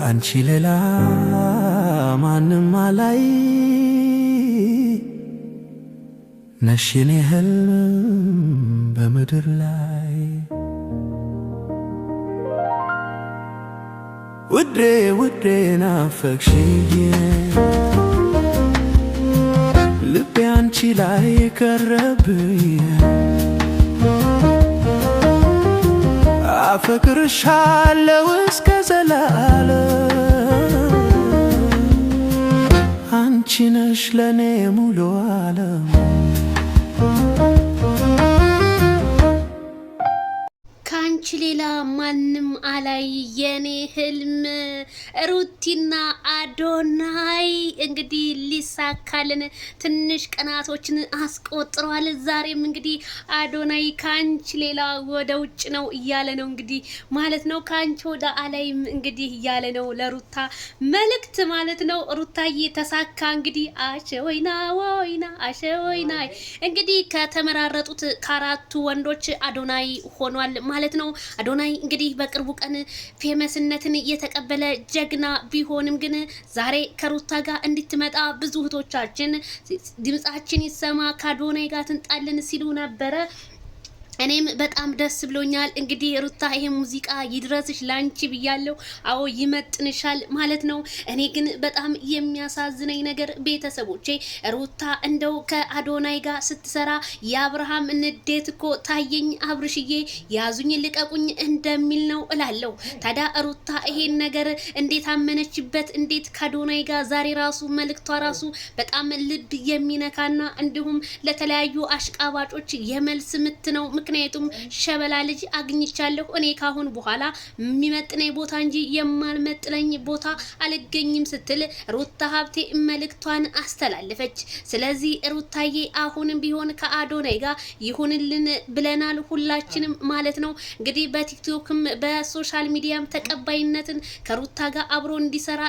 ከአንቺ ሌላ ማንም አላይ ነሽን ያህል በምድር ላይ ውዴ ውዴ ናፈቅሽኝ ልቤ አንቺ ላይ ቀረብኝ አፈቅርሻለሁ እስከ ዘላለም አንቺ ነሽ ለእኔ ሙሉ ዓለም ከአንቺ ሌላ ማንም አላይ የኔ ህልም ሩቲና አዶናይ እንግዲህ ሊሳካልን ትንሽ ቀናቶችን አስቆጥሯል ዛሬም እንግዲህ አዶናይ ከአንቺ ሌላ ወደ ውጭ ነው እያለ ነው እንግዲህ ማለት ነው። ከአንቺ ወደ አላይም እንግዲህ እያለ ነው ለሩታ መልእክት ማለት ነው። ሩታዬ ተሳካ እንግዲህ አሸ ወይና ወይና አሸ ወይና እንግዲህ ከተመራረጡት ከአራቱ ወንዶች አዶናይ ሆኗል ማለት ነው። አዶናይ እንግዲህ በቅርቡ ቀን ፌመስነትን የተቀበለ ጀግና ቢሆንም ግን ዛሬ ከሩታ ጋር እንድትመጣ ብዙ እህቶቻችን ድምጻችን ይሰማ ከአዶናይ ጋር ትንጣልን ሲሉ ነበረ። እኔም በጣም ደስ ብሎኛል። እንግዲህ ሩታ ይሄ ሙዚቃ ይድረስሽ ላንቺ ብያለው። አዎ ይመጥንሻል ማለት ነው። እኔ ግን በጣም የሚያሳዝነኝ ነገር ቤተሰቦቼ ሩታ እንደው ከአዶናይ ጋር ስትሰራ የአብርሃም ንዴት እኮ ታየኝ፣ አብርሽዬ ያዙኝ ልቀቁኝ እንደሚል ነው እላለሁ። ታዲያ ሩታ ይሄን ነገር እንዴት አመነችበት? እንዴት ከአዶናይ ጋር ዛሬ ራሱ መልእክቷ ራሱ በጣም ልብ የሚነካና እንዲሁም ለተለያዩ አሽቃባጮች የመልስ ምት ነው። ምክንያቱም ሸበላ ልጅ አግኝቻለሁ። እኔ ካሁን በኋላ የሚመጥነኝ ቦታ እንጂ የማልመጥነኝ ቦታ አልገኝም ስትል ሩታ ሀብቴ መልእክቷን አስተላለፈች። ስለዚህ ሩታዬ አሁንም ቢሆን ከአዶናይ ጋር ይሁንልን ብለናል ሁላችንም ማለት ነው። እንግዲህ በቲክቶክም በሶሻል ሚዲያም ተቀባይነትን ከሩታ ጋር አብሮ እንዲሰራ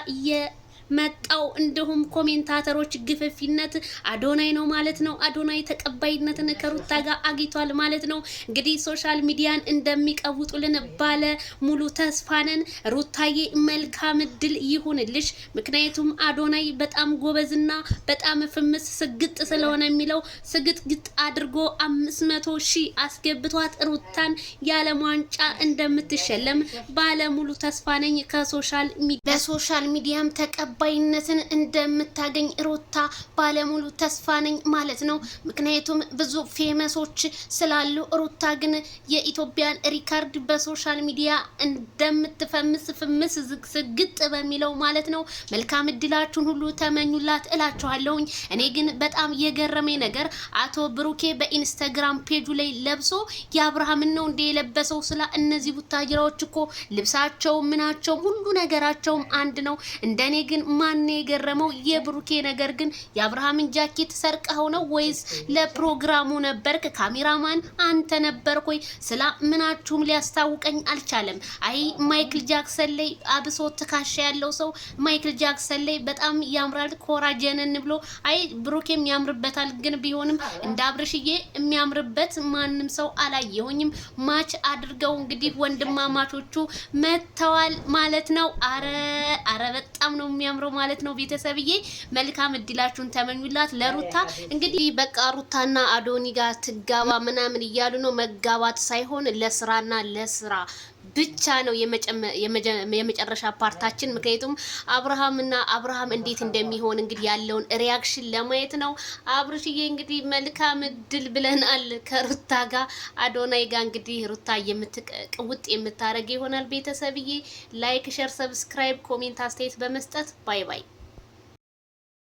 መጣው። እንዲሁም ኮሜንታተሮች ግፍፊነት አዶናይ ነው ማለት ነው። አዶናይ ተቀባይነትን ከሩታ ጋር አግኝቷል ማለት ነው። እንግዲህ ሶሻል ሚዲያን እንደሚቀውጡልን ባለ ሙሉ ተስፋነን። ሩታዬ መልካም እድል ይሁንልሽ። ምክንያቱም አዶናይ በጣም ጎበዝና በጣም ፍምስ ስግጥ ስለሆነ የሚለው ስግጥ ግጥ አድርጎ አምስት መቶ ሺህ አስገብቷት ሩታን የዓለም ዋንጫ እንደምትሸለም ሙሉ ተስፋ ነኝ። ከሶሻል ሚዲያ በሶሻል ሚዲያም ተቀባ ተቀባይነትን እንደምታገኝ ሩታ ባለሙሉ ተስፋ ነኝ ማለት ነው። ምክንያቱም ብዙ ፌመሶች ስላሉ፣ ሩታ ግን የኢትዮጵያን ሪካርድ በሶሻል ሚዲያ እንደምትፈምስ ፍምስ ዝግስግጥ በሚለው ማለት ነው። መልካም እድላችሁን ሁሉ ተመኙላት እላችኋለሁኝ። እኔ ግን በጣም የገረመኝ ነገር አቶ ብሩኬ በኢንስታግራም ፔጁ ላይ ለብሶ የአብርሃምን ነው እንደ የለበሰው ስላ እነዚህ ቡታጅራዎች እኮ ልብሳቸው፣ ምናቸውም ሁሉ ነገራቸውም አንድ ነው። እንደኔ ግን ማን የገረመው የብሩኬ ነገር ግን የአብርሃምን ጃኬት ሰርቀኸው ነው ወይስ ለፕሮግራሙ ነበርክ? ካሜራማን አንተ ነበርክ ወይ? ስላ ምናችሁም ሊያስታውቀኝ አልቻለም። አይ ማይክል ጃክሰን ላይ አብሶ ትካሻ ያለው ሰው ማይክል ጃክሰን ላይ በጣም ያምራል። ኮራ ጀነን ብሎ አይ ብሩኬም ያምርበታል። ግን ቢሆንም እንደ አብርሽዬ የሚያምርበት ማንም ሰው አላየሁኝም። ማች አድርገው እንግዲህ ወንድማማቾቹ መጥተዋል ማለት ነው። አረ አረ በጣም ነው የሚያምር የምታምረው ማለት ነው። ቤተሰብዬ መልካም እድላችሁን ተመኙላት ለሩታ። እንግዲህ በቃ ሩታና አዶኒ ጋር ትጋባ ምናምን እያሉ ነው። መጋባት ሳይሆን ለስራና ለስራ ብቻ ነው የመጨረሻ ፓርታችን። ምክንያቱም አብርሃምና አብርሃም እንዴት እንደሚሆን እንግዲህ ያለውን ሪያክሽን ለማየት ነው። አብርሽዬ እንግዲህ መልካም እድል ብለናል። ከሩታ ጋር አዶናይ ጋር እንግዲህ ሩታ የምትቀውጥ የምታደርግ ይሆናል። ቤተሰብዬ ላይክ፣ ሸር፣ ሰብስክራይብ፣ ኮሜንት አስተያየት በመስጠት ባይ ባይ